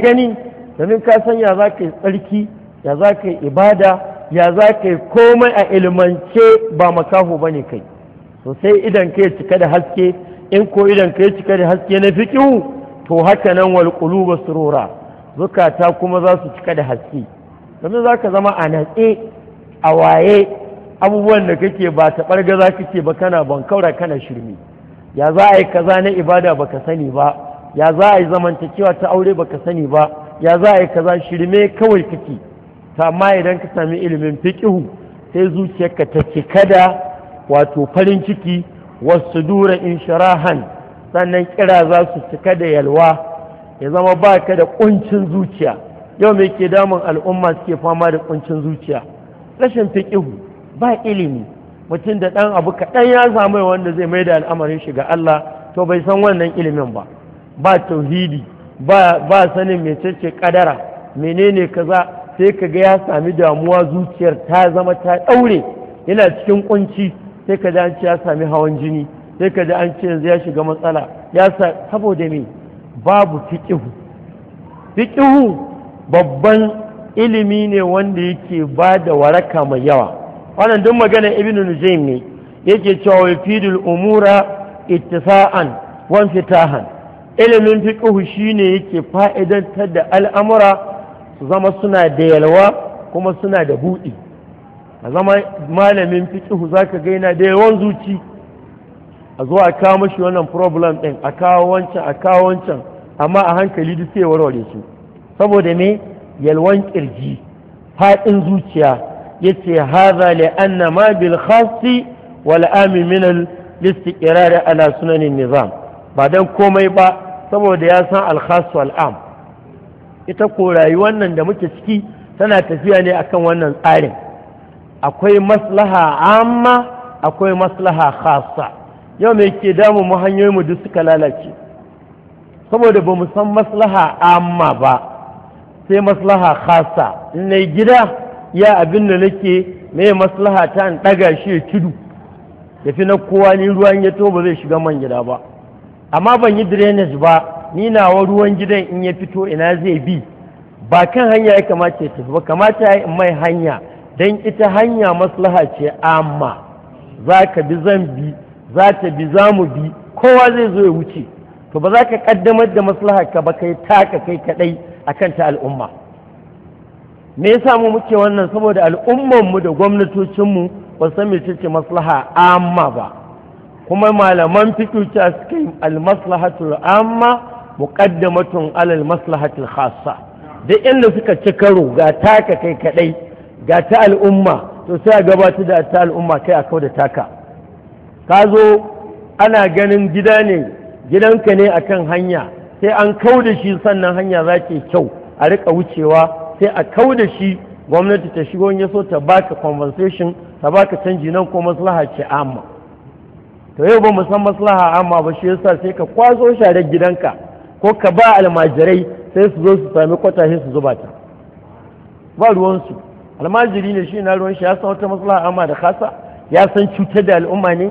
gani domin ka san ya za ka yi tsarki ya za ka yi ibada ya za ka yi komai a ilimance ba makaho ba ne kai sosai idan ka yi cika da haske in ko idan ka yi cika da haske na fiƙihu to haka nan wal su rora, zukata kuma za su cika da haske domin za ka zama a natse a waye abubuwan da kake ba ta ɓarga za ka ce ba kana bankaura kana shirme ya za a yi kaza na ibada ba ka sani ba ya za a yi cewa ta aure baka sani ba ya za a yi kaza shirme kawai kake ta ma idan ka sami ilimin fiqihu sai zuciyarka ta cika da wato farin ciki wasu dura insharahan, sannan kira za su cika da yalwa ya zama ba ka da ƙuncin zuciya yau me ke damun al'umma suke fama da kuncin zuciya rashin fiƙihu ba ilimi mutum da ɗan abu kaɗan ya samu wanda zai mai da al'amarin shiga Allah to bai san wannan ilimin ba ba tauhidi ba sanin mai mecece kadara menene kaza sai ka ga ya sami damuwa zuciyar ta zama ta ɗaure, yana cikin kunci sai ka ji an ce ya sami hawan jini sai ka ji an ce yanzu ya shiga matsala ya sa saboda me babu fiƙihu. Fiƙihu babban ilimi ne wanda yake ba da waraka mai yawa wannan duk magana ibnu nujaym ne yake cewa wa fidul umura ittifa'an wa fitahan ilimin shi ne yake fa'idantar da al'amura su zama suna da yalwa kuma suna da buɗi a zama malamin fiqhu za ka gaina da yawan zuci a zo a kawo mashi wannan problem ɗin a kawo wancan a kawo wancan amma a hankali duk sai warware su saboda me yalwan ƙirji haɗin zuciya yace hadha li anna ma bil khassi wal amin min al istiqrar ala sunanin nizam ba dan komai ba saboda ya san alkhasu al'am ita ko rayuwar nan da muke ciki tana tafiya ne akan wannan tsarin akwai maslaha amma akwai maslaha khasa yau mai ke damu mu hanyoyin mu duk suka lalace saboda ba mu san maslaha amma ba sai maslaha khasa in gida ya abin da nake mai maslaha ta in ɗaga shi ya tudu ya fi na kowa ni ruwan ya to ba zai shiga man gida ba amma ban yi drainage ba ni nawa ruwan gidan in ya fito ina zai bi ba kan hanya ya kamata ya tafi ba kamata ya in mai hanya don ita hanya maslaha ce amma za ka bi zan bi za ta bi za mu bi kowa zai zo ya wuce to ba za ka kaddamar da maslaha ka ba kai taka kai kadai akan ta al'umma me yasa mu muke wannan saboda al'umman mu da gwamnatocin mu ba san me ce maslaha amma ba kuma malaman fikirci a suke almaslahatul amma muqaddamatun alal maslahatul khassa duk inda suka ci karo ga taka kai kaɗai, ga ta al'umma to sai a gabatar da ta al'umma kai a da taka ka zo ana ganin gida ne gidanka ne akan hanya sai an kau da shi sannan hanya za kyau a rika wucewa sai a kau da shi gwamnati ta shigo ya so ta baka conversation ta baka canji nan ko maslaha ce amma to yau ba mu san maslaha amma ba shi yasa sai ka kwaso sharar gidanka ko ka ba almajirai sai su zo su sami kwata su zuba ta ba ruwansu almajiri ne shi na ruwan shi ya san wata maslaha amma da kasa ya san cutar da al'umma ne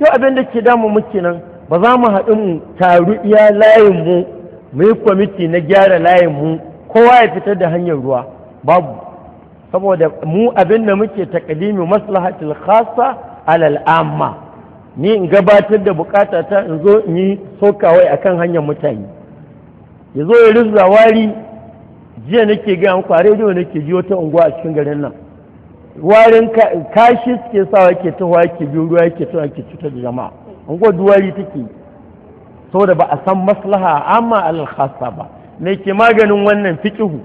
yau abin da ke damu muke nan ba za mu haɗu mu taru iya layin mu mu yi kwamiti na gyara layin mu kowa ya fitar da hanyar ruwa babu saboda mu abin da muke takalimi maslahatul khassa alal amma ni in gabatar da bukata ta in zo in yi sokawai akan hanyar mutane ya zo ya rizza wari jiya nake gaya muku a rediyo nake ji wata unguwa a cikin garin nan warin kashi suke sawa ke tuhuwa ke biyu ruwa ke tuhuwa ke cutar da jama'a unguwar duwari take saboda ba a san maslaha amma alhassa ba me ke maganin wannan fikihu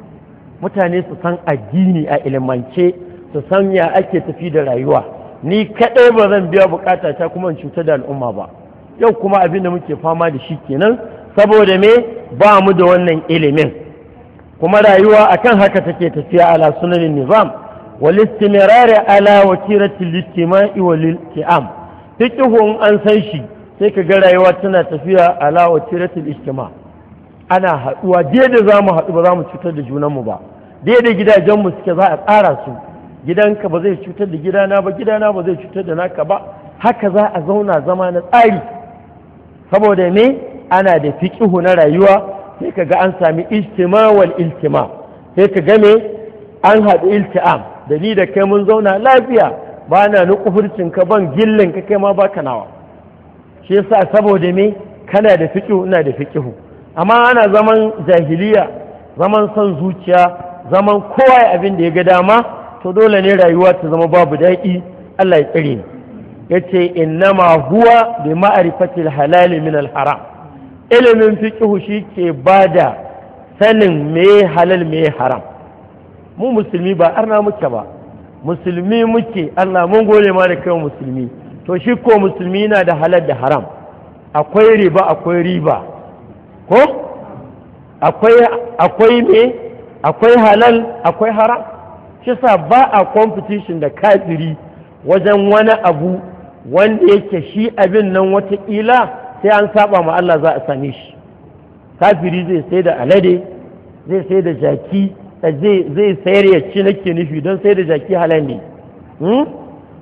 mutane su san addini a ilimance su san ya ake tafi da rayuwa ni kaɗai ba zan biya bukata ta kuma cuta da al'umma ba yau kuma abin da muke fama da shi kenan saboda me ba mu da wannan ilimin kuma rayuwa akan haka take tafiya ala sunanin nizam wal istimrar ala wakiratil ijtima'i wal qiyam fiqhun an san shi sai ka ga rayuwa tana tafiya ala wakiratil ijtima ana haɗuwa da za mu haɗu ba za mu cutar da junanmu ba da gidajenmu suke za a tsara su gidanka ba zai cutar da gidana ba gidana ba zai cutar da naka ba haka za a zauna zama na tsari saboda me ana da fiƙihu na rayuwa sai ka ga an sami istima wal iltima sai ka ga me an haɗu ilti'am da ni da kai mun zauna lafiya ba na ni kufurcin ka ban gillin ka kai ma baka nawa shi yasa saboda me kana da fiqihu ina da fiqihu amma ana zaman jahiliya zaman son zuciya zaman kowa abin da ya ga dama to dole ne rayuwa ta zama babu daɗi Allah ya tsare ya ce innama huwa bi ma'arifatil halali min al haram ilimin fiqhu shi ke ba da sanin me halal me haram mu musulmi ba arna muke ba musulmi muke Allah mun gode ma da kai musulmi to shi ko musulmi na da halal da haram akwai riba akwai riba ko akwai akwai me akwai halal akwai haram shi sa ba a competition da kafiri wajen wani abu wanda yake shi abin nan watakila sai an saba ma Allah za a same shi kafiri zai sai da alade zai sai da jaki eh, zai sayar ya ci nake nufi don sai da jaki halal ne hmm?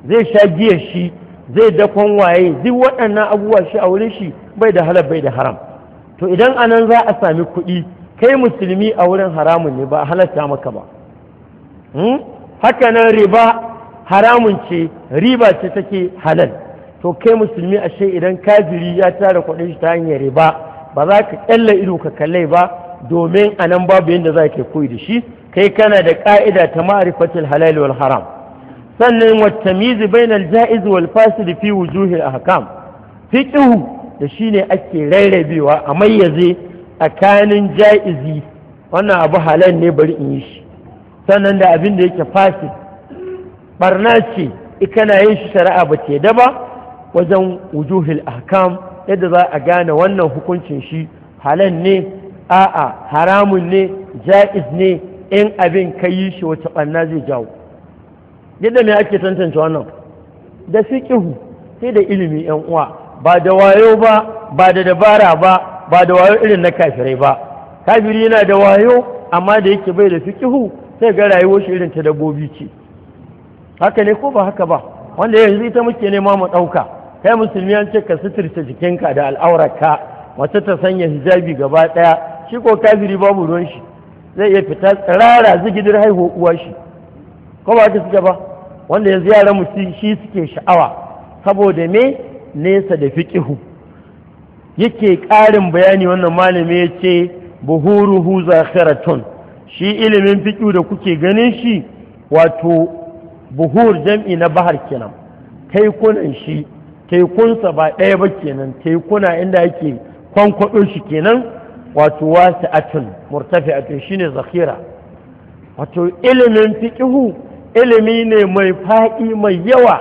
zai sha giyar shi zai dakon waye duk waɗannan abubuwa shi a wurin shi bai da halal bai da haram to idan anan za a sami kuɗi kai musulmi a wurin haramun ne ba a halatta maka ba Hmm? haka nan riba haramun ce riba ce take halal to kai musulmi ashe idan kafiri ya tara kuɗin shi ta hanyar riba ba za ka kyalla ido ka kallai ba domin a nan babu yadda za ka koyi da shi kai kana da ka'ida ta ma'rifatul halal wal haram sannan wa tamizu bainal ja'iz wal fasid fi wujuhil ahkam fiqhu da shine ake rarrabewa a mayyaze tsakanin ja'izi wannan abu halal ne bari in yi shi sannan da abin da yake fasi barna ce ikana yin shi shari'a ba ce da ba wajen wujuhil ahkam yadda za a gane wannan hukuncin shi halal ne a'a haramun ne ja'iz ne in abin ka yi shi wata ɓanna zai jawo yadda me ake tantance wannan da fiƙihu sai da ilimi yan uwa ba da wayo ba ba da dabara ba ba da wayo irin na kafirai ba kafiri yana da wayo amma da yake bai da fikihu. sai ga rayuwar shi irin ta dabbobi ce haka ne ko ba haka ba wanda yanzu ita muke nema mu ɗauka kai musulmi an ce ka suturta jikinka da al'aurarka mace ta sanya hijabi gaba ɗaya shi ko kafiri babu ruwan shi zai iya fita tsirara zigidir haihuwa uwa shi ko ba haka suke ba wanda yanzu yaran mu shi suke sha'awa saboda me nesa da fiqihu yake ƙarin bayani wannan malami ya ce buhuruhu zakhiratun shi ilimin fiƙu da kuke ganin shi wato buhur jam'i na bahar kenan taikunan shi taikunsa ba ɗaya ba kenan taikuna inda yake kwankwaɗo shi kenan wato wasu atun murtafi atun shi ne zakira wato ilimin fiƙihu ilimi ne mai faɗi mai yawa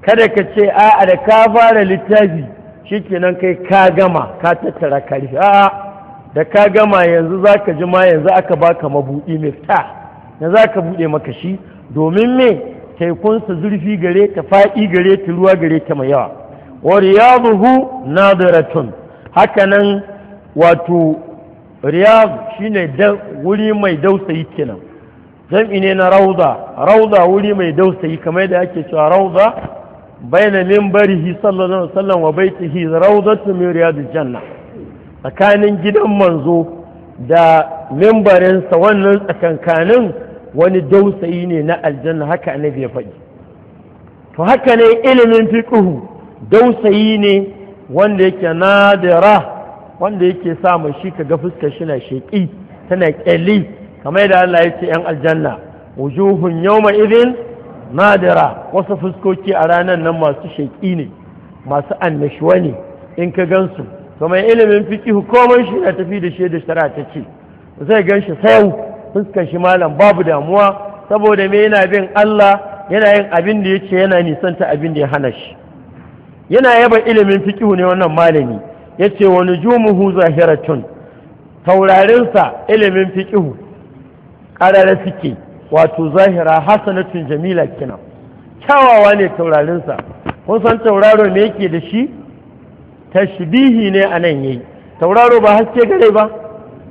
kada ka ce a'a da ka fara littafi shi kenan kai ka gama ka tattara karfi a'a da ka gama yanzu za ka ji ma yanzu aka baka mabuɗi mai mifta na za ka buɗe maka shi domin me taikunsa zurfi gare ta faɗi gare ta ruwa gare ta mai yawa wa riyaduhu nadiratun hakanan wato riyad shine wuri mai dausayi kenan jam'i ne na Rauza, Rauza wuri mai dausayi kamar da ake cewa rauda baina minbarihi sallallahu alaihi wasallam wa baitihi rawdatu min da janna tsakanin gidan manzo da membarinsa wannan tsakankanin wani dausayi ne na aljanna haka annabi ya faɗi to haka ne ilimin fiƙuhu dausayi ne wanda yake nadira wanda yake sa mu shi ka ga fuskar shi na sheƙi tana ƙyalli kamar yadda Allah ya ce ‘yan aljanna wujuhun yawma irin nadira wasu fuskoki a ranar nan masu sheƙi ne masu annashuwa ne in ka gansu to mai ilimin fikihu komai shi na tafi da shi da shari'a ta ce zai gan shi sayau fuskar shi malam babu damuwa saboda me yana bin Allah yana yin abin da ce yana nisan ta abin da ya hana shi yana yaba ilimin fikihu ne wannan malami yace wa nujumuhu zahiratun taurarinsa ilimin fiƙihu ƙararra suke wato zahira hasanatun jamila kina kyawawa ne taurarinsa kun san tauraro me yake da shi tashbihi ne a nan yayi tauraro ba haske gare ba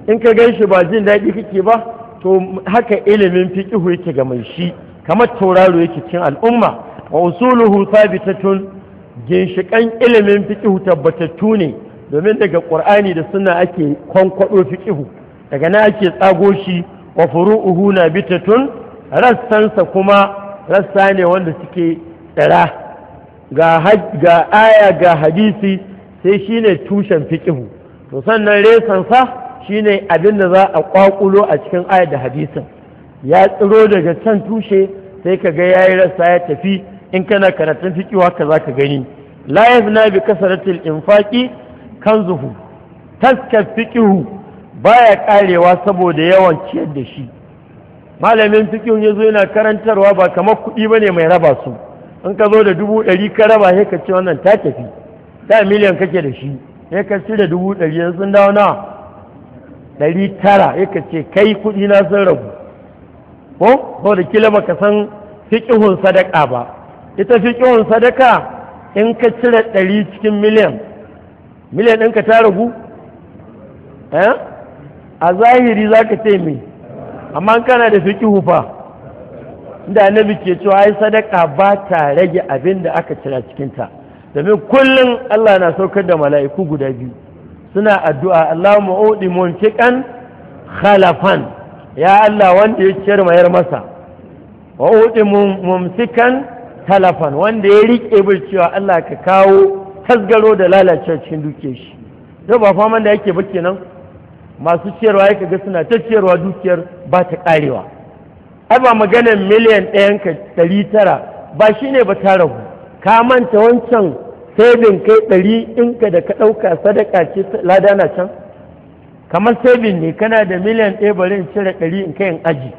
in ka gan shi ba jin daɗi kake ba to haka ilimin fiqihu yake ga mai shi kamar tauraro yake cikin al'umma wa usuluhu thabitatun ginshikan ilimin fikihu tabbatattu ne domin daga qur'ani da sunna ake kwankwado fiqihu daga nan ake tsago shi wa furu'uhu nabitatun rassansa kuma rassa ne wanda suke tsira ga aya ga hadisi sai shine tushen fiƙihu to sannan resansa sa shine abin da za a ƙwaƙulo a cikin ayat da hadisin ya tsiro daga can tushe sai ka ga ya yi rasa ya tafi in kana karatun ka haka ka gani la na bi kasratil infaqi kanzuhu taskar fiƙihu baya ƙarewa saboda yawan ciyar da shi malamin ya zo yana karantarwa ba kamar kuɗi ba ne mai raba su in ka zo da dubu ɗari ka raba sai ka ce wannan ta tafi da miliyan kake da shi ya ka cire dubu ɗari yanzu sun dawo na ɗari tara ya ka ce kai kuɗi na sun rabu ko ko da kila baka san fiƙihun sadaka ba ita fiƙihun sadaka in ka cire ɗari cikin miliyan miliyan ɗinka ta ragu eh? a zahiri za ka ce mai amma kana da fiƙihu fa da annabi ke cewa ai sadaka ba ta rage abin da aka cira cikinta domin kullum Allah na saukar da mala'iku guda biyu suna addu'a Allah ma'udi muntiƙan khalafan ya Allah wanda ya ciyar mayar masa wa'udi mumsikan talafan wanda ya riƙe bil cewa Allah ka kawo tasgaro da lalacewa cikin duke shi yau ba faman da yake ba kenan masu ciyarwa ya ga suna ta ciyarwa dukiyar ba ta ƙarewa ai ba maganar miliyan ɗayan ka ɗari tara ba shine ba ta ragu ka manta wancan sabin kai ɗari ka da ka ɗauka sadaka ce lada can kamar sabin ne kana da miliyan ɗaya bari in cire ɗari in kai aji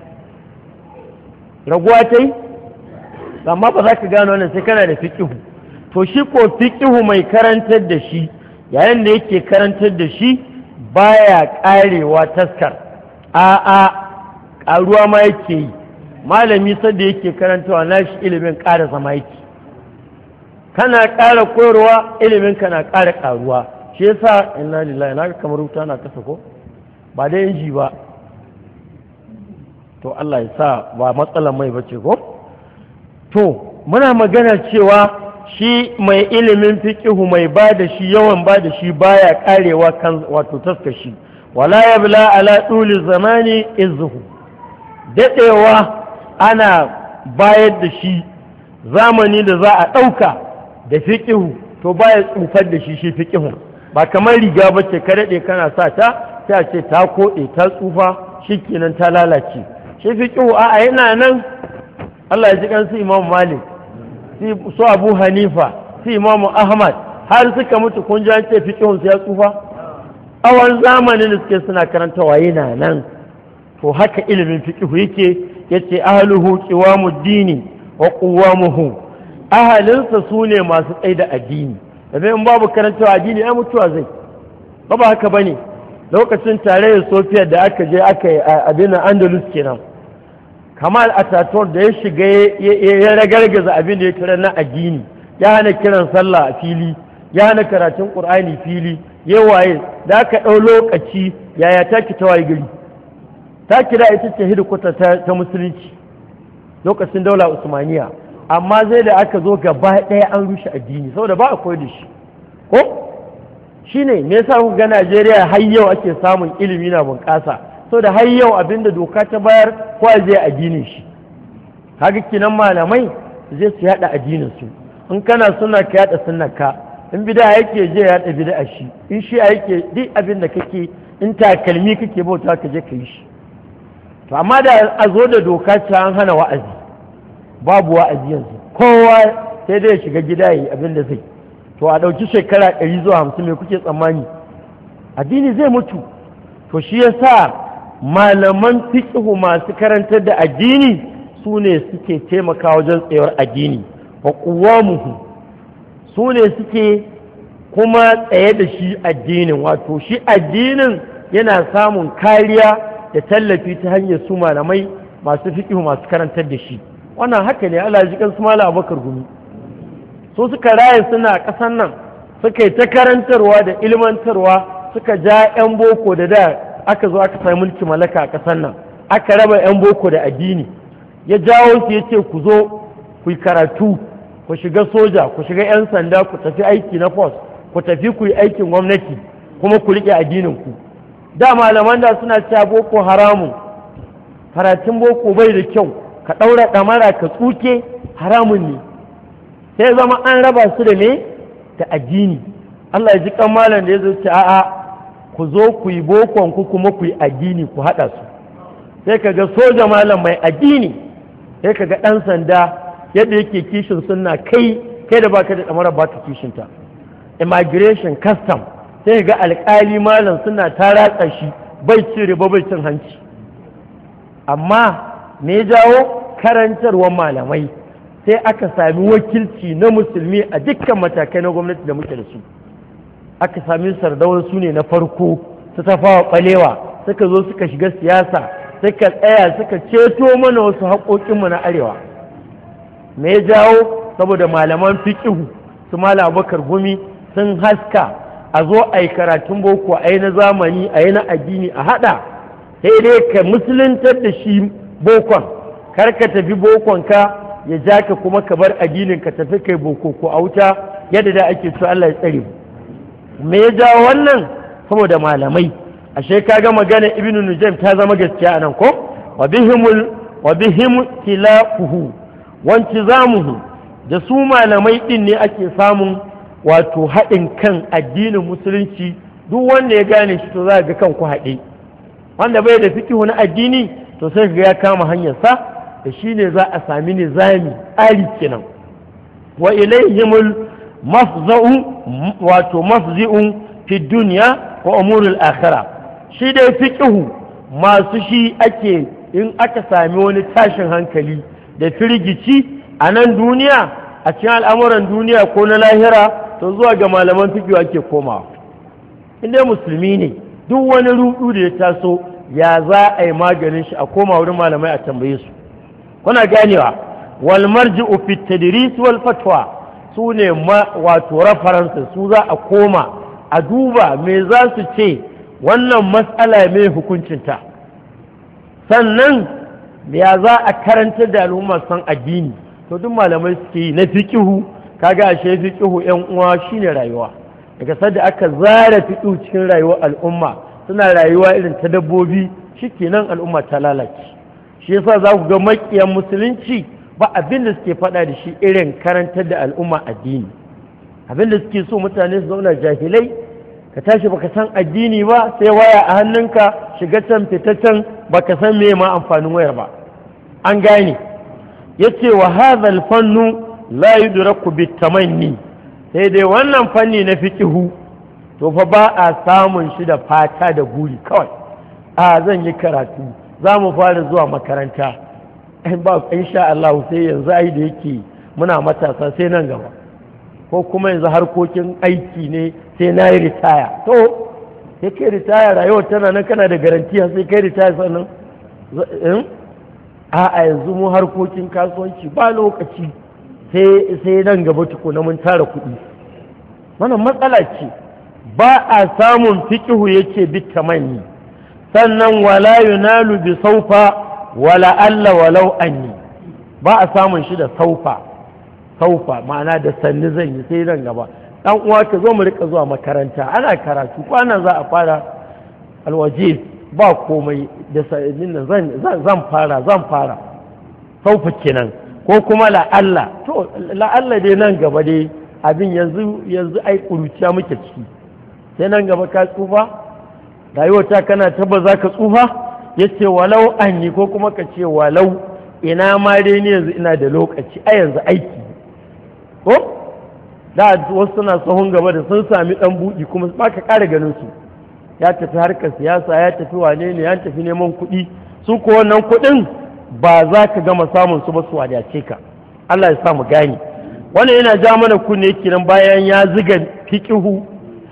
raguwa ta yi amma ba za ka gano wannan sai kana da fiƙihu to shi ko fiƙihu mai karantar da shi yayin da yake karantar da shi baya ƙarewa taskar a'a ƙaruwa ma yake yi malami sadda yake karantawa na shi ilimin ƙara zama yake kana ƙara koyarwa ilimin kana ƙara ƙaruwa shi yasa inna lillahi na kamar wuta na kasa ko ba da inji ba to Allah ya sa ba matsalar mai bace ko to muna magana cewa shi mai ilimin fiqihu mai ba da shi yawan ba da shi baya karewa kan wato taskashi wala yabla ala tuli zamani izhu Daɗewa ana bayar da shi zamani da za a ɗauka da fiƙihu to baya tsufar da shi shi fiƙihun ba kamar riga ba ce ka daɗe kana sa ta sai ce ta koɗe ta tsufa shi kenan ta lalace shi fiƙihu a'a yana nan Allah ya ji kansu Imam Malik su Abu Hanifa su Imam Ahmad har suka mutu kun ji an ce fiƙihun ya tsufa awan zamanin da suke suna karanta waye na nan to haka ilimin fiƙihu yake yace ahluhu qiwamuddini wa quwamuhu ahalinsa su ne masu tsaye da addini zai in babu karantawa addini ai mutuwa zai ba ba haka bane lokacin tarayyar sofiya da aka je aka yi abin andalus kenan kamal atatur da ya shiga ya ragargaza abin da ya kira na addini ya hana kiran sallah a fili ya hana karatun qur'ani fili ya waye da aka ɗau lokaci yaya ta ki tawaye gari ta kira ita ce hidikwata ta musulunci lokacin daula usmaniya amma zai da aka zo gaba ɗaya an rushe addini saboda ba a koyi da shi ko ne me yasa kuka ga Najeriya har yau ake samun ilimi na bunƙasa saboda har yau abinda doka ta bayar ko zai addinin shi haka kinan malamai zai su yada addinin su in kana suna ka yada sunna ka in bid'a yake je yada bid'a shi in shi yake duk abin da kake in takalmi kake bauta ka je ka yi shi to amma da a zo da doka ta an hana wa'azi babu wa'azi yanzu kowa sai dai ya shiga gida yi abin da zai to a ɗauki shekara ɗari zuwa hamsin mai kuke tsammani addini zai mutu to shi ya sa malaman fiƙihu masu karantar da addini su ne suke taimaka wajen tsayuwar addini wa ƙuwamuhu su ne suke kuma tsaye da shi addinin wato shi addinin yana samun kariya da tallafi ta hanyar su malamai masu fiƙihu masu karantar da shi wannan haka ne Allah ji kan su mala abakar gumi so suka raye suna ƙasan nan suka yi ta karantarwa da ilmantarwa suka ja 'yan boko da da aka zo aka sami mulki malaka a ƙasan nan aka raba 'yan boko da addini ya jawo su ya ce ku zo ku yi karatu ku shiga soja ku shiga 'yan sanda ku tafi aiki na force ku tafi ku yi aikin gwamnati kuma ku riƙe addinin ku da malaman da suna cewa boko haramun karatun boko bai da kyau ka ɗaura ɗamara ka tsuke haramun ne sai zama an raba su da ne da addini Allah ya ji kan malam da ya zo ce a'a ku zo ku yi bokon ku kuma ku yi addini ku haɗa su sai ka ga soja malam mai addini sai ka ga ɗan sanda yadda yake kishin sunna kai kai da baka da ɗamara ba kishin kishinta immigration custom sai ga alƙali malam suna ta ratsa shi bai cire ba bai cin hanci amma me ya jawo karantarwar malamai sai aka sami wakilci na musulmi a dukkan matakai na gwamnati da muke da su aka sami sardauna su ne na farko su tafawa balewa suka zo suka shiga siyasa suka tsaya suka ceto mana wasu haƙoƙinmu na arewa me jawo saboda malaman fiƙihu su mala abokar gumi sun haska a zo a yi karatun boko a yi na zamani a yi na addini a haɗa sai dai ka musuluntar da shi bokon kar ka tafi bokonka ya ja ka kuma ka bar addinin ka tafi kai boko ko a wuta yadda da ake so Allah ya tsare me ya jawo wannan saboda malamai ashe ka kaga magana ibnu nujaim ta zama gaskiya anan ko wa bihimul wa bihim tilafuhu wanci intizamuhu da su malamai din ne ake samun wato haɗin kan addinin musulunci duk wanda ya gane shi to za ga kanku haɗe wanda bai da fikihu na addini to sai ga ya kama hanyar sa. da shi ne za a sami nizami ari kenan wa ilaihimul mafza'u wato mafzi'un fi duniya wa umurul akhirah shi dai fiqhu masu shi ake in aka sami wani tashin hankali da firgici a nan duniya a cikin al'amuran duniya ko na lahira to zuwa ga malaman fiqhu ake komawa inda musulmi ne duk wani rudu da ya taso ya za a yi maganin shi a koma wurin malamai a tambaye su kuna ganewa wal marji'u fi tadris wal fatwa su ne wato reference su za a koma a duba me za su ce wannan matsala hukuncin ta? sannan ya za a karanta da al'umma san addini to duk malamai suke yi na fiqihu kaga ashe fiqihu yan uwa shine rayuwa daga sadda aka zara fiqihu cikin rayuwar al'umma suna rayuwa irin ta dabbobi shikenan al'umma ta lalace shi yasa za ku ga maƙiyan musulunci ba abin da suke faɗa da shi irin karantar da al'umma addini abin da suke so mutane su zauna jahilai ka tashi baka san addini ba sai waya a hannunka shiga can fita can baka san me ma amfanin wayar ba an gane yace wa hadhal fannu la yudraku bitamanni sai dai wannan fanni na fi kihu to fa ba a samun shi da fata da guri kawai a zan yi karatu za mu fara zuwa makaranta ba insha Allah sai yanzu ai da yake muna matasa sai nan gaba ko kuma yanzu harkokin aiki ne sai na yi ritaya to sai kai ritaya rayuwar tana nan kana da garantiya sai kai ritaya sannan hmm? a yanzu mu harkokin kasuwanci ba lokaci sai nan gaba tukuna mun tara kuɗi wannan matsala ce ba a samun fikihu yake bitta manyi sannan wala yunalu bi saufa wala alla walau anni ba a samun shi da saufa saufa ma'ana da sanni zan yi sai nan gaba dan uwa ka zo mu rika zuwa makaranta ana karatu kwana za a fara alwaje ba komai da sa'idin nan zan zan fara zan fara saufa kenan ko kuma la'alla to la'alla dai nan gaba dai abin yanzu yanzu ai kuruciya muke ciki sai nan gaba ka tsufa rayuwar ta kana taba za ka tsufa ya ce walau an yi ko kuma ka ce walau ina ma dai ni yanzu ina da lokaci a yanzu aiki ko da wasu suna tsohon gaba da sun sami dan buɗi kuma ba ka ƙara ganin su ya tafi harkar siyasa ya tafi wane ne ya tafi neman kuɗi su ko wannan kuɗin ba za ka gama samun su ba su wadace ka Allah ya sa mu gane wannan yana ja mana kunne kenan bayan ya ziga fiqihu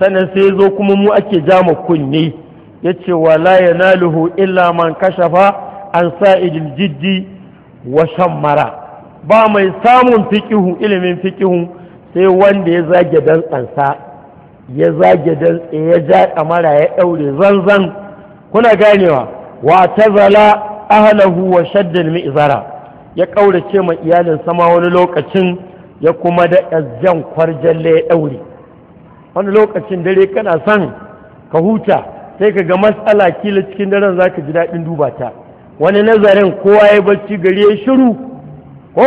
sannan sai ya zo kuma mu ake ja mu kunne yace wala yanaluhu illa man kashafa an sa'idil jiddi wa shammara ba mai samun fiqihu ilimin fiqihu sai wanda ya zage dantsansa ya zage dantse ya ja kamara ya daure zanzan kuna ganewa wa tazala ahlahu wa shaddal mi'zara ya kaurace ma iyalin sama wani lokacin ya kuma da jan kwarjalle ya daure wani lokacin dare kana san ka huta sai ka ga matsala kila cikin daren za ka ji daɗin duba ta wani nazarin kowa ya bacci gari ya shiru ko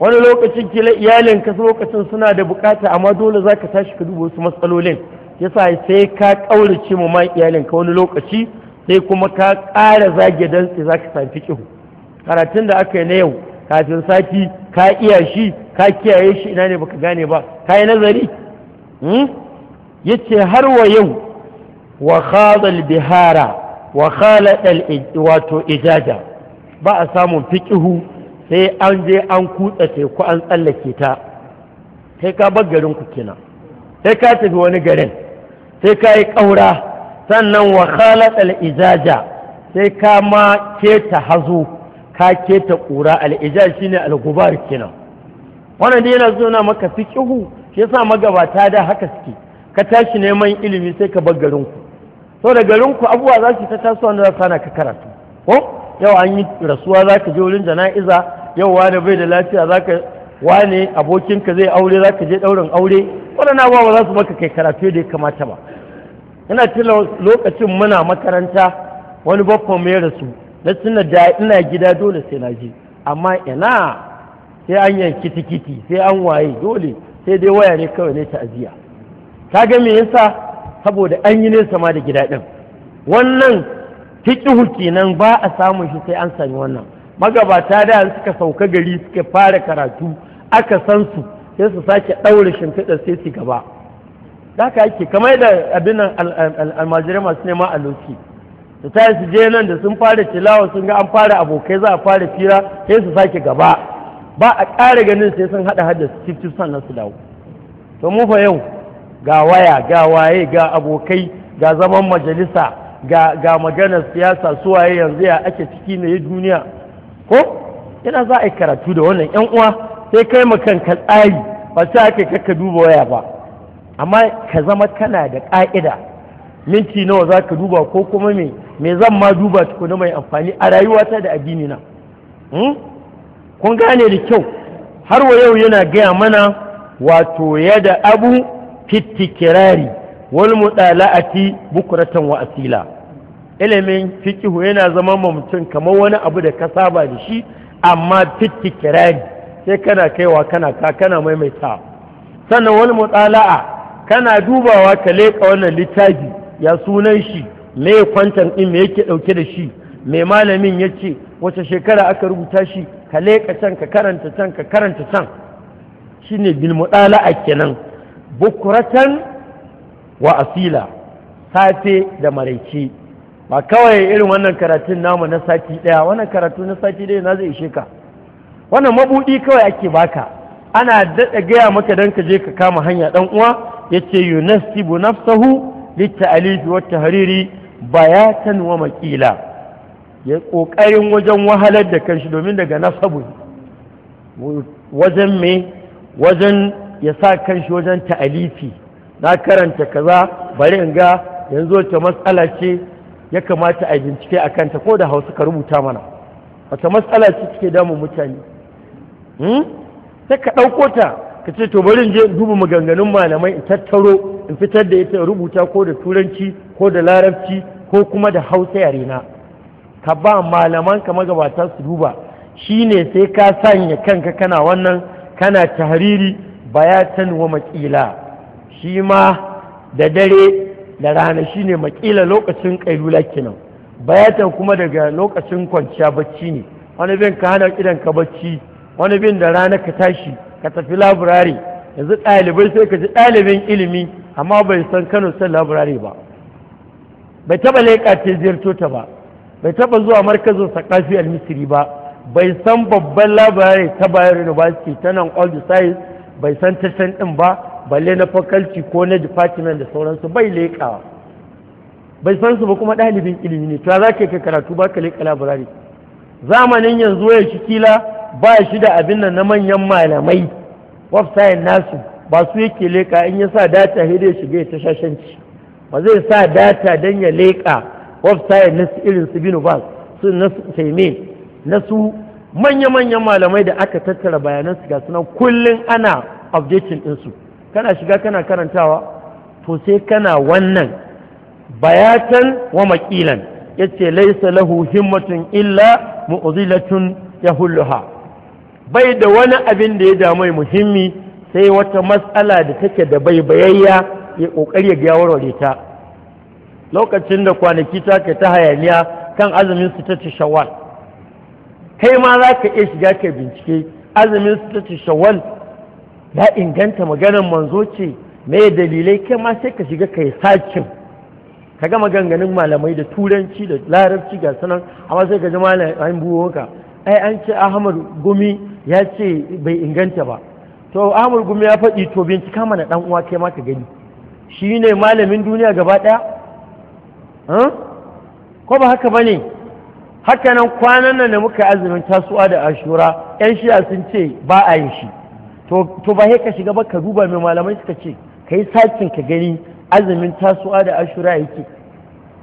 wani lokacin kila iyalin ka lokacin suna da bukata amma dole za ka tashi ka duba wasu matsalolin yasa sai ka ƙaurace mu ma iyalin ka wani lokaci sai kuma ka ƙara zage dantse za ka sami fiƙihu karatun da aka yi na yau kafin sati ka iya shi ka kiyaye shi ina ne baka gane ba ka yi nazari hmm? yace har wa yau wa khadal bihara wa khalaqal wato ijaja ba a samun fiqihu sai an je an kutsa teku an tsallake ta sai ka bar garin ku kenan sai ka tafi wani garin sai ka yi ƙaura sannan wa khalaqal ijaja sai ka ma ta hazo ka ke ta ƙura al'ijaj shine al-gubar kenan wannan dai yana zo na maka fiqihu shi yasa magabata da haka suke ka tashi neman ilimi sai ka bar garin ku sau da garin ku abubuwa za yi ta taso wanda za ka karatu ko yau an yi rasuwa za ka je wurin jana'iza yau wani bai da lafiya za ka wane abokinka zai aure za ka je ɗaurin aure waɗannan abubuwa ba za su maka kai karatu da ya kamata ba ina tuna lokacin muna makaranta wani babban mai rasu na tuna da ina gida dole sai na je amma ina sai an yanki tikiti sai an waye dole sai dai waya ne kawai ne ta'aziyya ka ga me yasa saboda an yi nesa ma da gida ɗin wannan fiƙihu kenan ba a samun shi sai an sami wannan magabata da suka sauka gari suka fara karatu aka san su sai su sake ɗaure shimfiɗa sai su gaba da haka yake kamar da abin nan almajirai masu nema a loki da ta su je nan da sun fara tilawa sun ga an fara abokai za a fara fira sai su sake gaba ba a ƙara ganin sai sun haɗa hada su cikin sannan su dawo to mu fa yau ga waya ga waye ga abokai ga zaman majalisa ga ga maganar siyasa waye, yanzu ya ake ciki ne duniya ko ina za a yi karatu da wannan yan uwa sai kai makan ka tsari ba sai ake ka duba waya ba amma ka zama kana da ka'ida minti nawa za ka duba ko kuma me me zan ma duba tukuna mai amfani a rayuwata da addini na hmm? kun gane da kyau har wa yau yana gaya mana wato yada abu fitikirari wal mutala'ati bukuratan wa asila ilimin fikihu yana zama mutum kamar wani abu da ka saba da shi amma fitikirari sai kana kaiwa kana ka kana maimaita sannan wal mutala'a kana dubawa ka leka wannan littafi ya sunan shi me kwantan din me yake dauke da shi me malamin yace wace shekara aka rubuta shi ka leƙa can ka karanta can ka karanta can shine bil mutala'a kenan bukuratan wa asila safe da maraice ba kawai irin wannan karatun namu na sati ɗaya wannan karatu na sati ɗaya na zai ishe ka wannan mabudi kawai ake baka ana daɗa gaya maka don ka je ka kama hanya ɗan uwa ya yace yunasibu nafsahu hariri. Ba ya bayatan wa maƙila ya ƙoƙarin wajen wahalar da kanshi domin daga nasabu wajen me wajen ya sa kan shi wajen ta'alifi na karanta kaza bari in ga yanzu wata matsala ce ya kamata a bincike a kanta ko da hausa ka rubuta mana wata matsala ce take damun mutane hmm? sai ka ɗauko ta ka ce to bari in je duba maganganun malamai in tattaro in fitar da ita rubuta ko da turanci ko da larabci ko kuma da hausa yare na ka ba malaman ka magabata su duba Shi ne sai ka sanya kanka kana wannan kana tahariri bayatan wa maƙila shi ma da dare da rana shine makila lokacin ƙailula kenan bayatan kuma daga lokacin kwanciya bacci ne wani bin ka hana idan ka bacci wani bin da rana ka tashi ka tafi laburare yanzu ɗalibai sai ka ji ɗalibin ilimi amma bai san kano san laburare ba bai taɓa leƙa ta ziyarto ta ba bai taɓa zuwa markazin sakafi al-misri ba bai san babban laburare ta bayar university ta nan all the science bai san tashan ɗin ba balle na fakalci ko na department da sauransu bai leƙawa bai san su ba kuma ɗalibin ilimi ne ta za ka yi karatu ba ka leƙa labarari zamanin yanzu ya shi kila ba shi da abin nan na manyan malamai wafsayin nasu ba su yake leƙa in ya sa data sai ya shiga ya ta shashanci ba zai sa data don ya leƙa wafsayin nasu irin su binu ba su nasu taime nasu manya-manyan malamai da aka tattara bayanan su ga sunan kullum ana updating ɗinsu kana shiga kana karantawa to sai kana wannan bayatan wa maƙilan ya ce laisa lahu himmatun illa mu'uzilatun hulluha bai da wani abin da ya damu muhimmi sai wata matsala da take da bai bayayya ya ƙoƙari ya gaya warware ta lokacin da kwanaki ta ke ta hayaniya kan azumin su ta ci shawwal kai ma za ka iya shiga ka bincike azumin su ta shawwal ya inganta maganar manzo ce me dalilai kai ma sai ka shiga kai sakin ka gama ganganin malamai da turanci da larabci ga sanan amma sai ka ji malamai buwo ka ai an ce ahmad gumi ya ce bai inganta ba to ahmad gumi ya faɗi to bincika mana dan uwa kai ma ka gani shi ne malamin duniya gaba ɗaya ko ba haka ba ne haka nan kwanan nan da muka azumin tasuwa da ashura yan shi'a sun ce ba a yin shi to ba ka shiga ba ka duba mai malamai suka ce ka yi sakin ka gani azumin tasuwa da ashura yake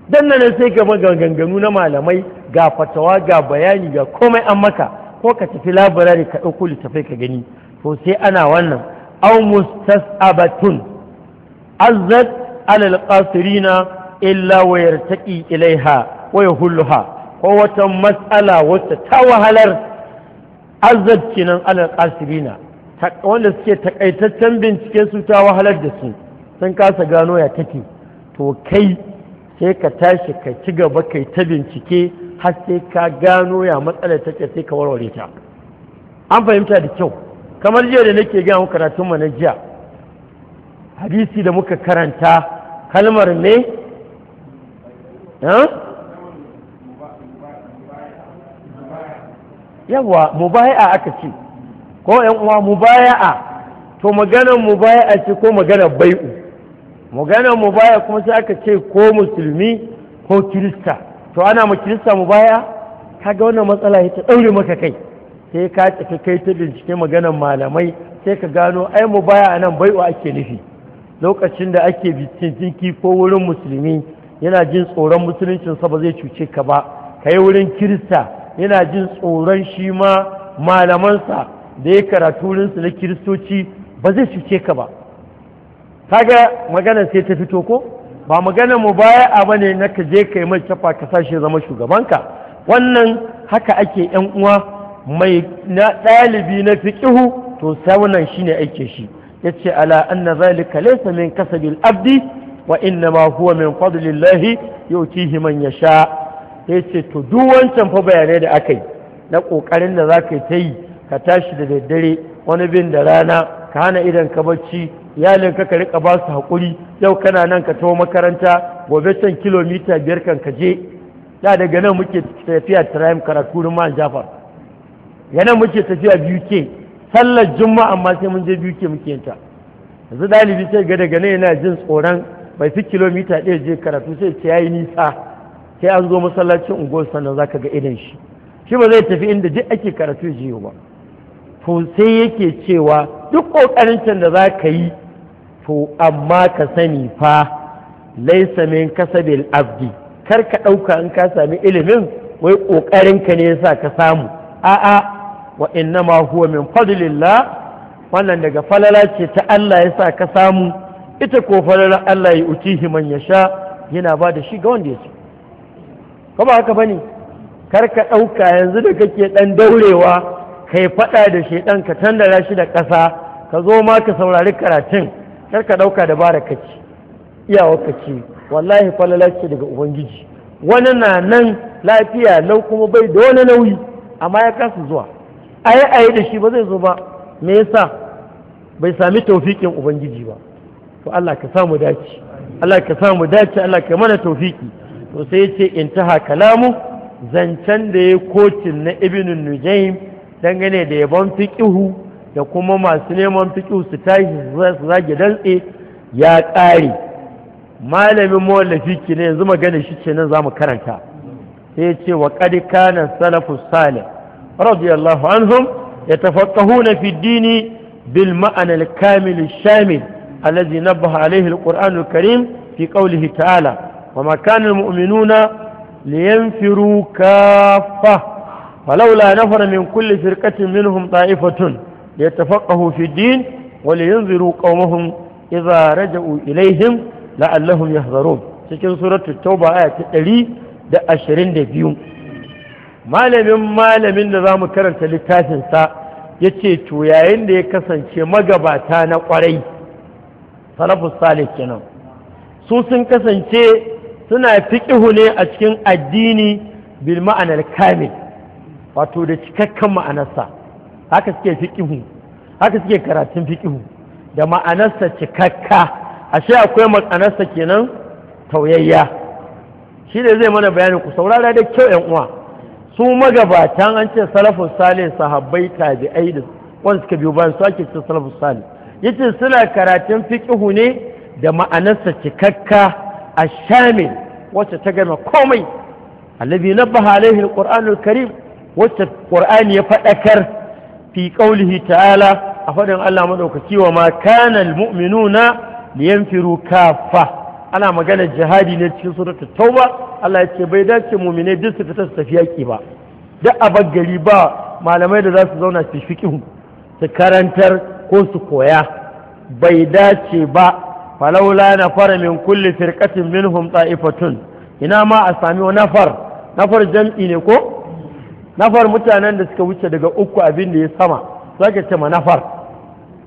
dan nan sai gaba ganganu na malamai ga fatawa ga bayani ga komai an maka ko ka tafi labarari ka ɗauko littafai ka gani to sai ana wannan aw mustasabatun azzat alal qasirina illa wa yartaqi ilaiha wa yahulluha ko wata matsala wata ta wahalar azab nan alal wanda suke takaitaccen bincike su ta wahalar da su sun kasa gano ya take to kai sai ka tashi ka ci gaba kai ta bincike har sai ka gano ya matsalar take sai ka warware ta an fahimta da kyau kamar jiya da nake gaya muku karatunmu na jiya hadisi da muka karanta kalmar ne yawa mubaya'a aka ce ko yan uwa mubaya'a to maganar mubaya'a ce ko maganar bai'u maganar mubaya kuma sai aka ce ko musulmi ko kirista to ana ma kirista mubaya kaga wannan matsala ita daure maka kai sai ka tafi kai ta bincike maganar malamai sai ka gano ai mubaya nan bai'u ake nufi lokacin da ake bincike ko wurin musulmi yana jin tsoron musuluncin sa ba zai cuce ka ba kai wurin kirista yana jin tsoron shi ma malamansa da ya karatu rinsu na kiristoci ba zai cuce ka ba ga magana sai ta fito ko ba magana mu baya a bane na ka je kai mai cafa ka sashi zama shugabanka wannan haka ake yan uwa mai na ɗalibi na ƙihu, to saunan shine aike shi yace ala anna zalika laysa min kasabil abdi wa inna huwa min fadlillahi yutihi man yasha Sai ce to duk wancan fa bayanai da aka yi na ƙoƙarin da za ka ta yi ka tashi da daddare wani bin da rana ka hana idan ka bacci iyalin ka rika ba su haƙuri yau kana nan ka taho makaranta gobe can kilomita biyar kan ka je da daga nan muke tafiya tirayim karatu man jafar ga nan muke tafiya biyu sallar juma'a amma sai mun je biyu muke yanta. yanzu ɗalibi sai ga daga nan yana jin tsoron bai fi kilomita ɗaya je karatu sai ce ya yi nisa sai an zo masallacin unguwar sannan za ka ga idan shi shi ba zai tafi inda duk ake karatu jiyo ba to sai yake cewa duk ƙoƙarin da za ka yi to amma ka sani fa laisa min kasabil abdi kar ka ɗauka in ka sami ilimin wai ƙoƙarin ka ne yasa ka samu a'a wa ma huwa min fadlillah wannan daga falala ce ta Allah yasa ka samu ita ko falala Allah ya utihi man yasha yana ba da shi ga wanda ya ce ko ba haka bane kar ka ɗauka yanzu da kake ɗan daurewa kai faɗa da shaidan ka tandara shi da ƙasa ka zo ma ka saurari karatun kar ka ɗauka da kaci iyawa kaci wallahi falala ce daga ubangiji wani na nan lafiya lau kuma bai da wani nauyi amma ya kasa zuwa ayi ayi da shi ba zai zo ba me yasa bai sami taufikin ubangiji ba to Allah ka samu dace Allah ka samu dace Allah ka mana taufiki to sai ce intaha kalamu zancen da ya kocin na ibn nujaim dangane da yabon fiqihu da kuma masu neman fiqihu su tashi su zage dantse ya ƙare malamin mawallafi ki ne yanzu magana shi ce nan zamu karanta sai ce wa qad kana salafu salih radiyallahu anhum yatafaqahuna fi dini bil ma'ana al kamil al shamil الذي نبه عليه القرآن الكريم في قوله wa makanin mu'minuna liyanfiru kafa falaula nafara min kulli firqatin minhum ta'ifatun liyatafaqahu fi din wa liyanziru qaumahum idza raja'u ilaihim la'allahum yahzarun cikin suratul tauba aya ta 122 malamin malamin da zamu karanta littafinsa, ya ce to yayin da ya kasance magabata na ƙwarai, salafus salih kenan su sun kasance suna fiƙihu ne a cikin addini bil ma'anar kamil wato da cikakken ma'anarsa haka suke fiƙihu haka suke karatun fiƙihu da ma'anarsa cikakka ashe akwai ma'anarsa kenan tauyayya shi ne zai mana bayani ku saurara da kyau yan uwa su magabatan an ce salafus salih sahabbai tabi'ai da wanda suka biyo bayan su ake ce salafus salih yace suna karatun fiƙihu ne da ma'anarsa cikakka ashamil wacce ta gama komai allazi nabbaha alaihi alqur'anul karim wacce qur'ani ya faɗakar fi qawlihi ta'ala a faɗin Allah madaukaki wa ma kana almu'minuna liyanfiru kaffa ana magana jihadi ne cikin suratul tauba Allah ya ce bai dace muminai duk su fita su tafi yaki ba Da a baggari ba malamai da za su zauna su fiqhu su karantar ko su koya bai dace ba falaula fara min kulli firqatin minhum ta'ifatun ina ma a sami wa nafar nafar jam'i ne ko nafar mutanen da suka wuce daga uku abin da ya sama zaka ce ma nafar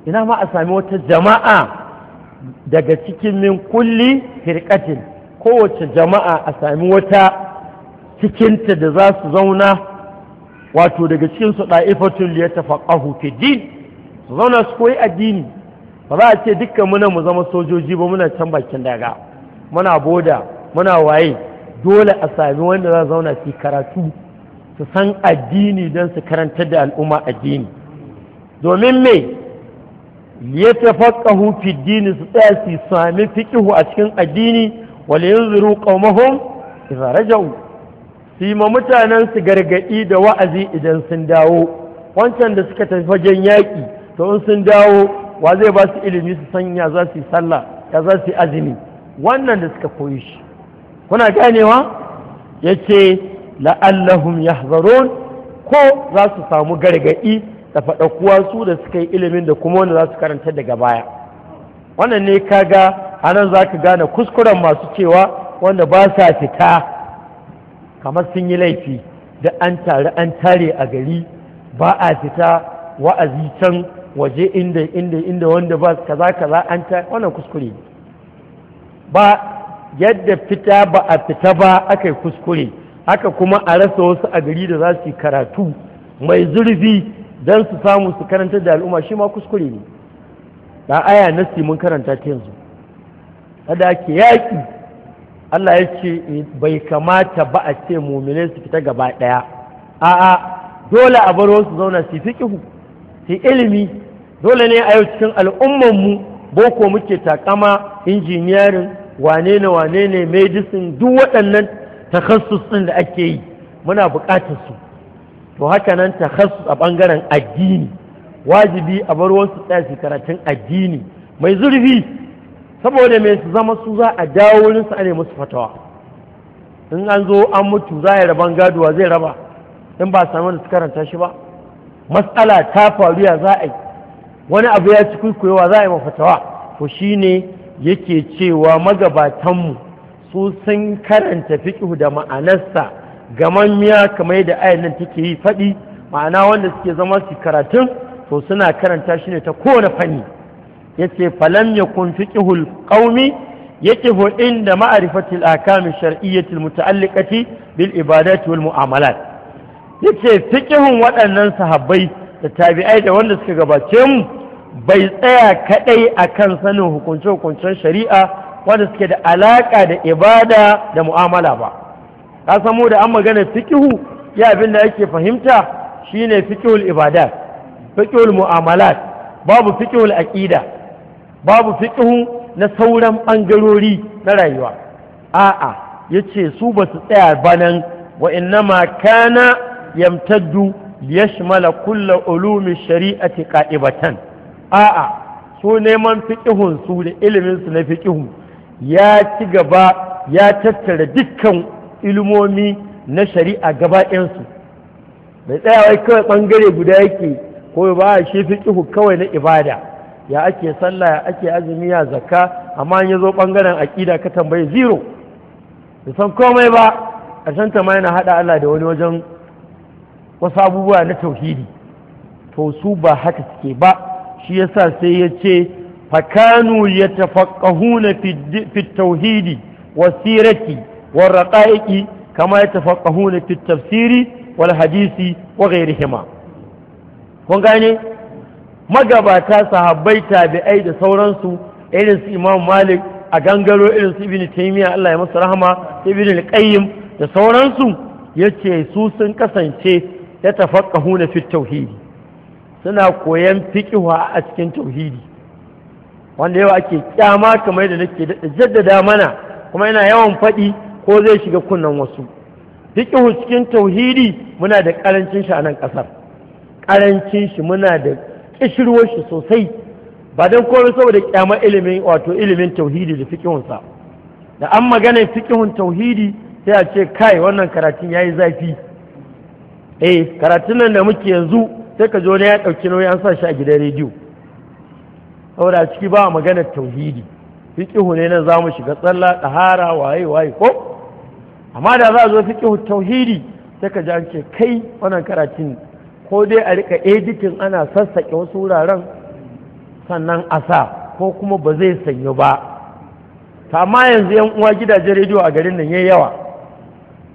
ina ma a sami wata jama'a daga cikin min kulli firkatin kowace jama'a a sami wata cikinta da za su zauna wato daga cikin su da'ifatun liyatafaqahu fi din su zauna su koyi addini ba za a ce dukkan muna mu zama sojoji ba muna can bakin daga muna boda muna waye dole a sami wanda za zauna su karatu su san addini don su karantar da al'umma addini domin me ya tafaqahu hufi dini su tsaya su sami fikihu a cikin addini wal yanzuru qaumahum idza raja'u su yi ma mutanen su gargaɗi da wa'azi idan sun dawo wancan da suka tafi fagen yaƙi to in sun dawo wa zai ba su ilimi su san ya za su yi sallah ya za su yi azumi wannan da suka koyi shi kuna ganewa Ya yace la'allahum yahzarun ko za su samu gargaɗi da faɗaƙuwa su da suka yi ilimin da kuma wanda za su karanta daga baya wannan ne ka ga anan za ka gane kuskuren masu cewa wanda ba sa fita kamar sun yi laifi da an tare an tare a gari ba a fita wa'azi can waje inda inda inda wanda ba kaza kaza an ta wannan kuskure ba yadda fita ba a fita ba aka yi kuskure haka kuma a rasa wasu a gari da za su yi karatu mai zurfi don su samu su karanta da al'umma shi ma kuskure ne da aya na mun karanta ta yanzu kada ake yaƙi Allah ya ce bai kamata ba a ce mumine su fita gaba ɗaya a'a dole a bar wasu zauna su fi kihu su ilimi dole ne a yau cikin al'ummanmu boko muke takama injiniyarin wane ne wane ne medicine duk waɗannan takhassus ɗin da ake yi muna buƙatar su to haka nan takhassus a ɓangaren addini wajibi a bar wasu tsaya karatun addini mai zurfi saboda mai su zama su za a dawo wurin su ne musu fatawa in an zo an mutu za a yi raban gaduwa zai raba in ba samu da su karanta shi ba matsala ta faru ya za a yi wani abu ya ci kwaikwayowa za a yi mafatawa to ne yake cewa magabatanmu su sun karanta fiƙihu da ma'anarsa ga mamiya kamar yadda ayan nan take yi faɗi ma'ana wanda suke zama su karatun to suna karanta shi ne ta kowane fanni yace falam ya yakun fiqhul ƙaumi yaqifu inda ma'arifatil ahkam shar'iyyatil muta'alliqati bil ibadati wal mu'amalat yace fiƙihun waɗannan sahabbai da tabi'ai da wanda suka gabace mu bai tsaya kaɗai a kan sanin hukunce-hukuncen shari'a wanda suke da alaƙa da ibada da mu'amala ba ka samu da an magana fiƙihu ya abin da ake fahimta shine fiqhul ibada, fiqhul mu'amalat babu fiqhul aƙida, babu fiƙihu na sauran ɓangarori na rayuwa a'a yace su ba su tsaya banan wa innama kana yamtaddu liyashmala kulla ulumi shari'ati qa'ibatan a'a su neman fiqihun su da ilimin su na fiqihu ya ci gaba ya tattara dukkan ilmomi na shari'a gaba su bai tsaya wai kawai bangare guda yake ko ba shi fiqihu kawai na ibada ya ake sallah ya ake azumi ya zakka amma ya zo bangaren aqida ka tambaye zero bai san komai ba a ta ma yana haɗa Allah da wani wajen wasu abubuwa na tauhidi to su ba haka suke ba shi yasa sai ya ce fakanu ya tafaƙahuna fi tauhidi wa sirati raƙa'iƙi kama ya fi tafsiri wal hadisi wa ghairihima kun gane magabata sahabbai tabi'ai da sauransu irin su imam malik a gangaro irin su ibn taymiya Allah ya masa rahama ibn al-qayyim da sauransu yace su sun kasance ya tafakahu na fi tauhidi suna koyan fiƙiwa a cikin tauhidi wanda yawa ake kyama kamar da nake jaddada mana kuma yana yawan faɗi ko zai shiga kunnan wasu fikihu cikin tauhidi muna da ƙarancin shi a nan ƙasar ƙarancin shi muna da kishirwar shi sosai ba don komai saboda kyama ilimin wato ilimin tauhidi da fiƙihunsa da an magana fiƙihun tauhidi sai a ce kai wannan karatun ya yi zafi eh karatun nan da muke yanzu sai ka ne ya ɗauki nauyi an sa shi a gidan rediyo saboda ciki ba maganar tauhidi fiƙihu ne nan zamu shiga tsalla ɗahara waye waye ko amma da za a zo fikihu tauhidi sai ka ji an ce kai wannan karatun ko dai a rika editin ana sassaƙe wasu wuraren sannan asa, ko kuma ba zai sanyu ba amma yanzu yan uwa gidajen rediyo a garin nan yayi yawa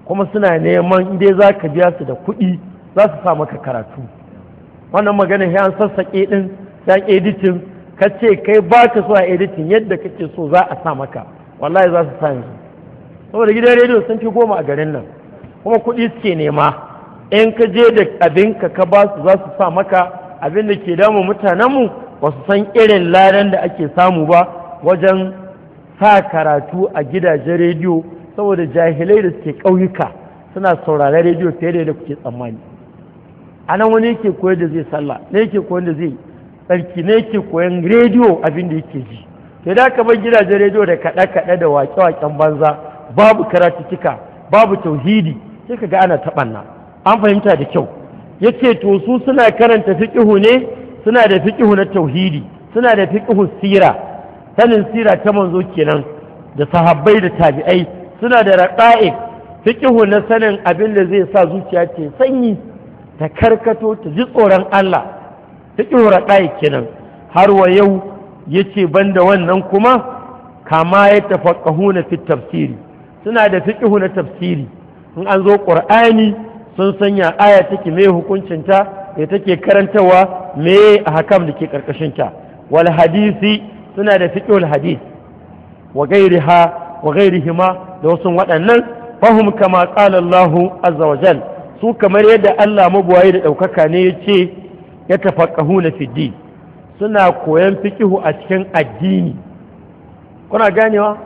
kuma suna neman inda za ka biya su da kuɗi za su sa maka karatu wannan maganin ya sassaƙe ɗin ya editin ka ce kai ba ka so a editin yadda kake so za a sa maka wallahi za su sa yanzu saboda gidan rediyo sun fi goma a garin nan kuma kuɗi suke nema in ka je da abin ka ba su za su sa maka abin da ke damu mutanenmu ba su san irin ladan da ake samu ba wajen sa karatu a gidajen rediyo saboda jahilai da suke ƙauyuka suna saurara rediyo fiye da yadda kuke tsammani a nan wani yake koyar da zai sallah ne yake koyar da zai tsarki ne yake koyan rediyo abin da yake ji to da ka bar gidajen rediyo da kaɗe-kaɗe da waƙe-waƙen banza babu karatuttuka babu tauhidi sai ka ga ana taɓanna an fahimta da kyau yace to su suna karanta fiƙihu ne suna da fiƙihu na tauhidi suna da fiƙihu sira sanin sira ta manzo kenan da sahabbai da tabi'ai suna da raɗa'i fiƙihu na sanin abin da zai sa zuciya ce sanyi ta karkato ta ji tsoron Allah fiƙihu raɗa'i kenan har wa yau ya ce ban da wannan kuma kama ya ƙahu na fi tafsiri suna da fiƙihu na tafsiri in an zo ƙur'ani sun sanya aya take hukuncin hukuncinta da take karantawa me a hakam da ke ƙarƙashinta wal hadisi suna da fiƙihul hadis wa gairiha wa ghairihima da wasu waɗannan fahum kama qala Allah azza wa jal su kamar yadda Allah mabuwaye da ɗaukaka ne yace ya tafaqahuna fi din suna koyon fiqihu a cikin addini kuna ganewa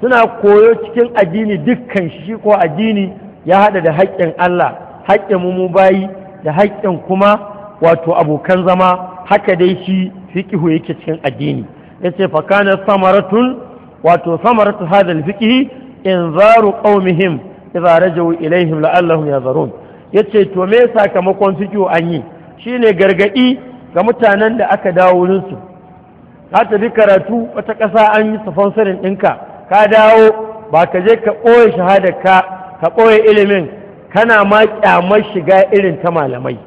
suna koyo cikin addini dukkan shi ko addini ya haɗa da haƙƙin Allah haƙƙin mu bayi da haƙƙin kuma wato abokan zama haka dai shi fiqihu yake cikin addini yace fakana kana samaratun wato samaratu hadal fiqhi inzaru qaumihim idza rajau ilaihim la'allahum yazarun yace to me sakamakon fiqhu an yi shine gargadi ga mutanen da aka dawo wurin su ka bi karatu wata ƙasa an yi sirrin ɗinka ka dawo ba ka je ka ɓoye shahada ka ka ɓoye ilimin kana ma kyamar shiga irin ta malamai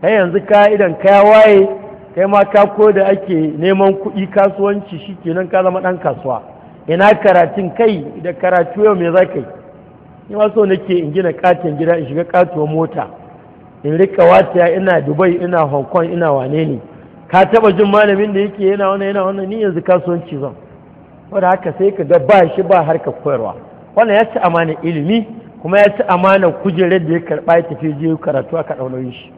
kai yanzu ka idan ka waye kai ma ka ko da ake neman kuɗi kasuwanci shikenan ka zama ɗan kasuwa ina karatun kai da karatu yau me za ka yi so nake in gina katin gida in shiga katuwar mota in rika wata ina dubai ina hong kong ina wane ne ka taba jin malamin da yake yana wannan yana wannan ni yanzu kasuwanci zan wadda haka sai ka ga ba shi ba harka koyarwa wannan ya ci amana ilimi kuma ya ci amana kujerar da ya karɓa ya tafi je karatu aka ɗaunoyin shi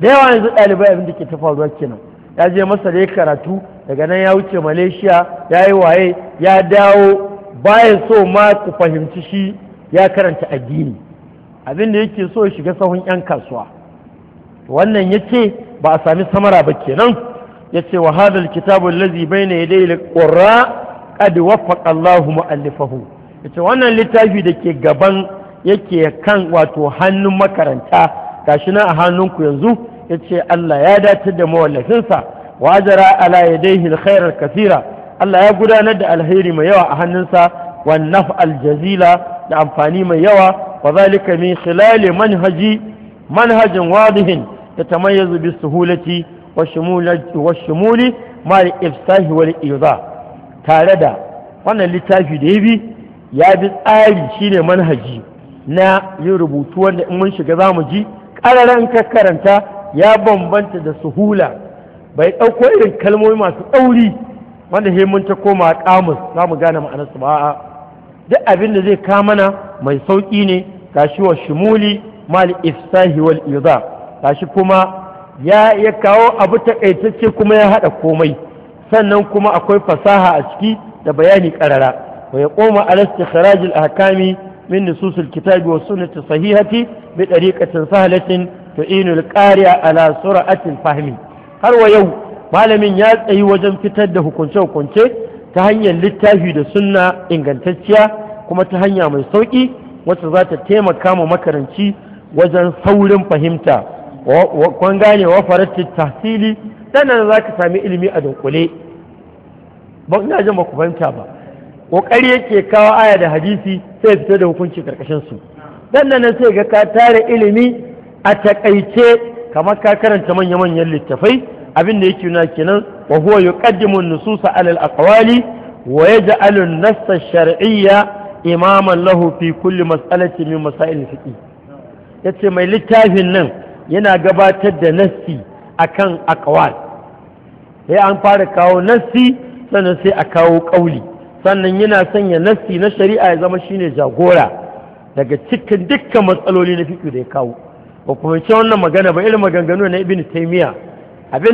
da yawa yanzu ɗalibai abin da ke ta faruwa kenan ya je masa da karatu daga nan ya wuce malaysia ya yi waye ya dawo bayan so ma ku fahimci shi ya karanta addini abin da yake so ya shiga sahun 'yan kasuwa wannan ya ce ba a sami samara ba kenan ya ce wa hadal kitabun lazi bai na yadda ila ƙura ƙadi wafaƙa Allahu mu'allifahu ya ce wannan littafi da ke gaban yake kan wato hannun makaranta gashi na a hannunku yanzu ya ce Allah ya dace da mawallafinsa wa jara ala yadayhi alkhairar kasira Allah ya gudanar da alheri mai yawa a hannunsa wa naf'al jazila da amfani mai yawa wa zalika min khilali manhaji manhajin wadihin yatamayyazu bi suhulati wa shumuli wa shumuli ma ifsahi wal idha tare da wannan littafi da ya bi ya bi tsari shine manhaji na yin rubutu wanda in mun shiga zamu ji ƙararren ka karanta ya bambanta da suhula bai ɗauko irin kalmomi masu ɗauri wanda he mun ta koma kamus za mu gane ma'anarsu ba a duk abin da zai kamana mai sauƙi ne gashi wa shimuli mal ifsahi wal iza gashi kuma ya ya kawo abu takaitacce kuma ya haɗa komai sannan kuma akwai fasaha a ciki da bayani ƙarara wa ya koma ala istikhraj al ahkami min nusus al kitabi wa sunnati sahihati bi tariqatin sahlatin tu'inul qari'a ala sur'atil fahmi har wa yau malamin ya tsayi wajen fitar da hukunce hukunce ta hanyar littafi da sunna ingantacciya kuma ta hanya mai sauki wacce za ta taimaka ma makaranci wajen saurin fahimta kun gane wa farati tahsili sannan za ka sami ilimi a dunkule ba ina jin ba ku fahimta ba kokari yake kawo aya da hadisi sai fita da hukunci karkashin su dan nan sai ga ka tare ilimi a taƙaice kamar ka karanta manya-manyan littafai abin da yake nuna kenan wa huwa yuqaddimu nususa alal al-aqwali wa yaj'alu an-nass ash-shar'iyya imaman lahu fi kulli mas'alati min masail fiqh yace mai littafin nan yana gabatar da nassi akan aqwal sai an fara kawo nassi sannan sai a kawo kauli sannan yana sanya nassi na shari'a ya zama shine jagora daga cikin dukkan matsaloli na fiqh da ya kawo ba ku fahimci wannan magana ba irin maganganu na ibn Abin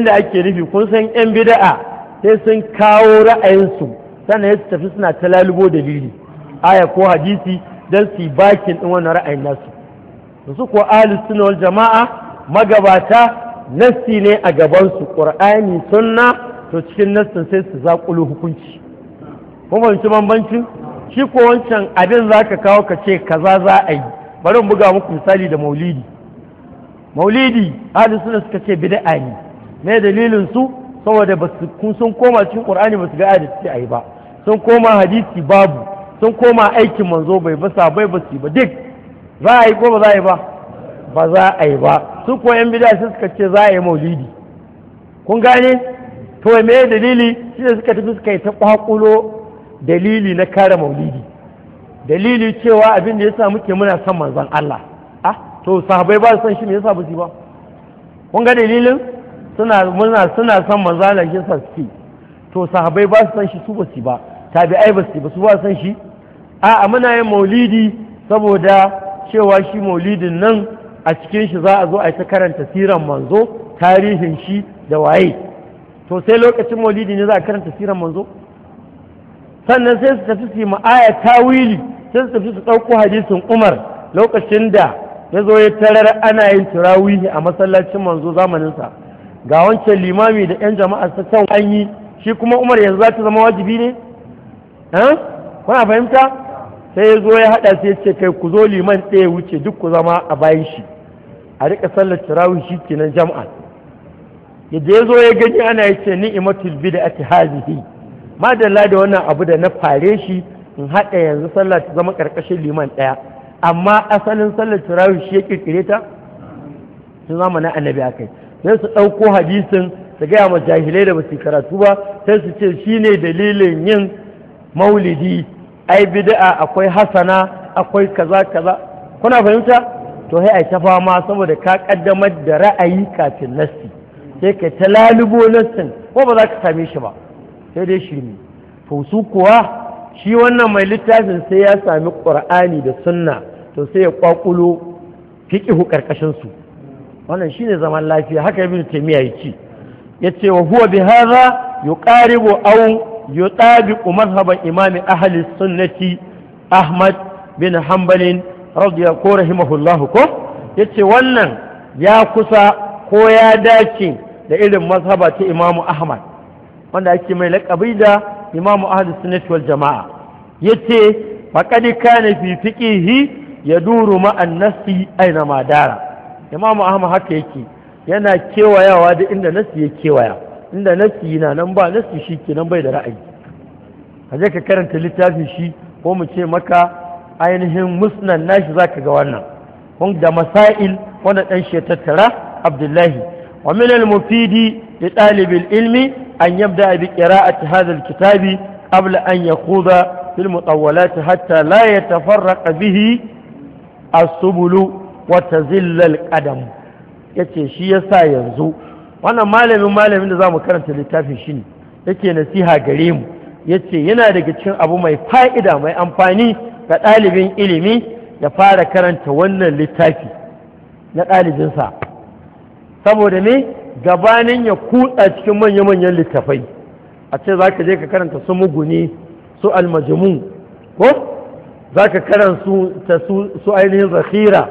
abinda ake nufi kun san yan bida'a sai sun kawo ra'ayinsu sannan ya tafi suna ta lalubo dalili aya ko hadisi don su bakin ɗin wannan ra'ayin nasu da su ko ahli jama'a magabata nasti ne a gabansu ƙur'ani, sunna to cikin nassin sai su zaƙulu hukunci Kuma fahimci bambancin shi ko wancan abin za ka kawo ka ce kaza za a yi bari mu buga muku misali da maulidi maulidi ahli suna suka ce bid'a ne me dalilin su saboda ba su sun koma cikin qur'ani ba su ga ayat ce ayi ba sun koma hadisi babu sun koma aikin manzo bai ba bai ba su ba duk za a yi ko ba za a yi ba ba za a yi ba su ko yan bid'a sun suka ce za a yi maulidi kun gane to me dalili shi da suka tafi suka yi ta kwakulo dalili na kare maulidi dalili cewa abin da ya sa muke muna son manzon Allah to sahabai ba su san shi me yasa ba su ba kun ga dalilin suna muna suna san manzo Allah shi sa su to sahabai ba su san shi su ba su ba tabi'ai ba su ba su ba san shi a'a muna yin maulidi saboda cewa shi maulidin nan a cikin shi za a zo a ta karanta siran manzo tarihin shi da waye to sai lokacin maulidi ne za a karanta siran manzo sannan sai su tafi su yi ma'aya tawili sai su tafi su ɗauko hadisin umar lokacin da ya zo ya tarar ana yin turawihi a masallacin manzo zamaninsa ga wancan limami da 'yan jama'a ta can an yi shi kuma umar yanzu za ta zama wajibi ne eh? kuna fahimta sai ya zo ya haɗa sai ce kai ku zo liman ɗaya wuce duk ku zama a bayan shi a rika sallar tirawi shi kenan jama'a yadda ya zo ya gani ana yace ni'imatul bid'ati hazihi madalla da wannan abu da na fare shi in haɗa yanzu sallar ta zama ƙarƙashin liman ɗaya amma asalin sallar tarawih shi ya kirkire ta sun zamanin annabi akai sai su ɗauko hadisin su gaya ma jahilai da ba su karatu ba sai su ce shine dalilin yin maulidi ai bid'a akwai hasana akwai kaza kaza kuna fahimta to sai ai ta fama saboda ka kaddamar da ra'ayi kafin nassi sai ka ta lalubo nassin ko ba za ka same shi ba sai dai shirme to su kuwa shi wannan mai littafin sai ya sami qur'ani da sunna to sai ya kwakulo fiƙihu ƙarƙashinsu su wannan shine zaman lafiya haka ya taymiya ya ce wa huwa bi hadha yuqaribu aw yutabiqu madhhaban imami ahli sunnati ahmad bin hambalin radiyallahu ko rahimahullah ko yace wannan ya kusa ko ya dace da irin mazhaba ta imamu ahmad wanda ake mai laƙabi da imamu ahli sunnati wal jama'a yace faqad kana fi fiqihi ya duru ma'an nasi aina madara. imamu ahmad haka yake yana kewayawa da inda nasi ya kewaya inda nasi na nan ba nasi shi ke nan bai da ra'ayi ka je ka karanta littafin shi ko mu ce maka ainihin musnan nashi zaka ga wannan kun da masail wanda dan shi tattara abdullahi wa min al mufidi li talibil ilmi an yabda bi qira'ati hadha al kitabi qabla an yakhudha fil mutawwalat hatta la yatafarraqa bihi asubulu wata zillal ƙadam ya shi ya sa yanzu wannan malamin malamin da za mu karanta littafin shi ne yake nasiha gare mu yace yana daga cikin abu mai fa'ida mai amfani ga ɗalibin ilimi ya fara karanta wannan littafi na ɗalibinsa saboda me gabanin ya kutsa cikin manya-manyan littafai a ce za ka je ka karanta su muguni su almajimu ko za ka karanta su ainihin zakhira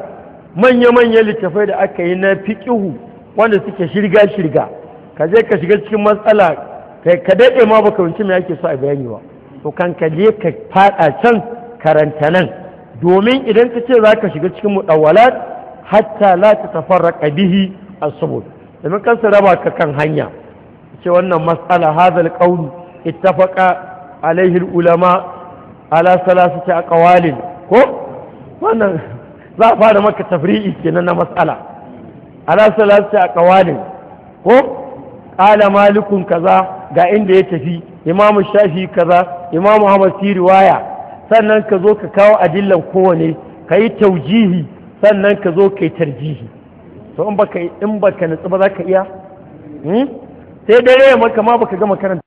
manya-manyan littafai da aka yi na fiƙihu wanda suke shirga-shirga ka je ka shiga cikin matsala ka daɗe ma baka binci me ake so a bayani ba to kan ka je ka faɗa can karanta nan domin idan ka ce za ka shiga cikin muɗawalat hatta la ta tafarraqa bihi a saboda. domin kan su raba ka kan hanya ce wannan matsala hazal al ittafaka alaihi ulama ala salasati ƙawalin ko wannan za a fara maka tafri'i kenan na mas'ala ala salasati ƙawalin ko qala malikun kaza ga inda ya tafi imamu shafi kaza imamu ahmad fi riwaya sannan ka zo ka kawo adillan kowane ka yi taujihi sannan ka zo ka yi tarjihi to in baka in baka nutsu ba za ka iya sai dare maka ma baka gama karanta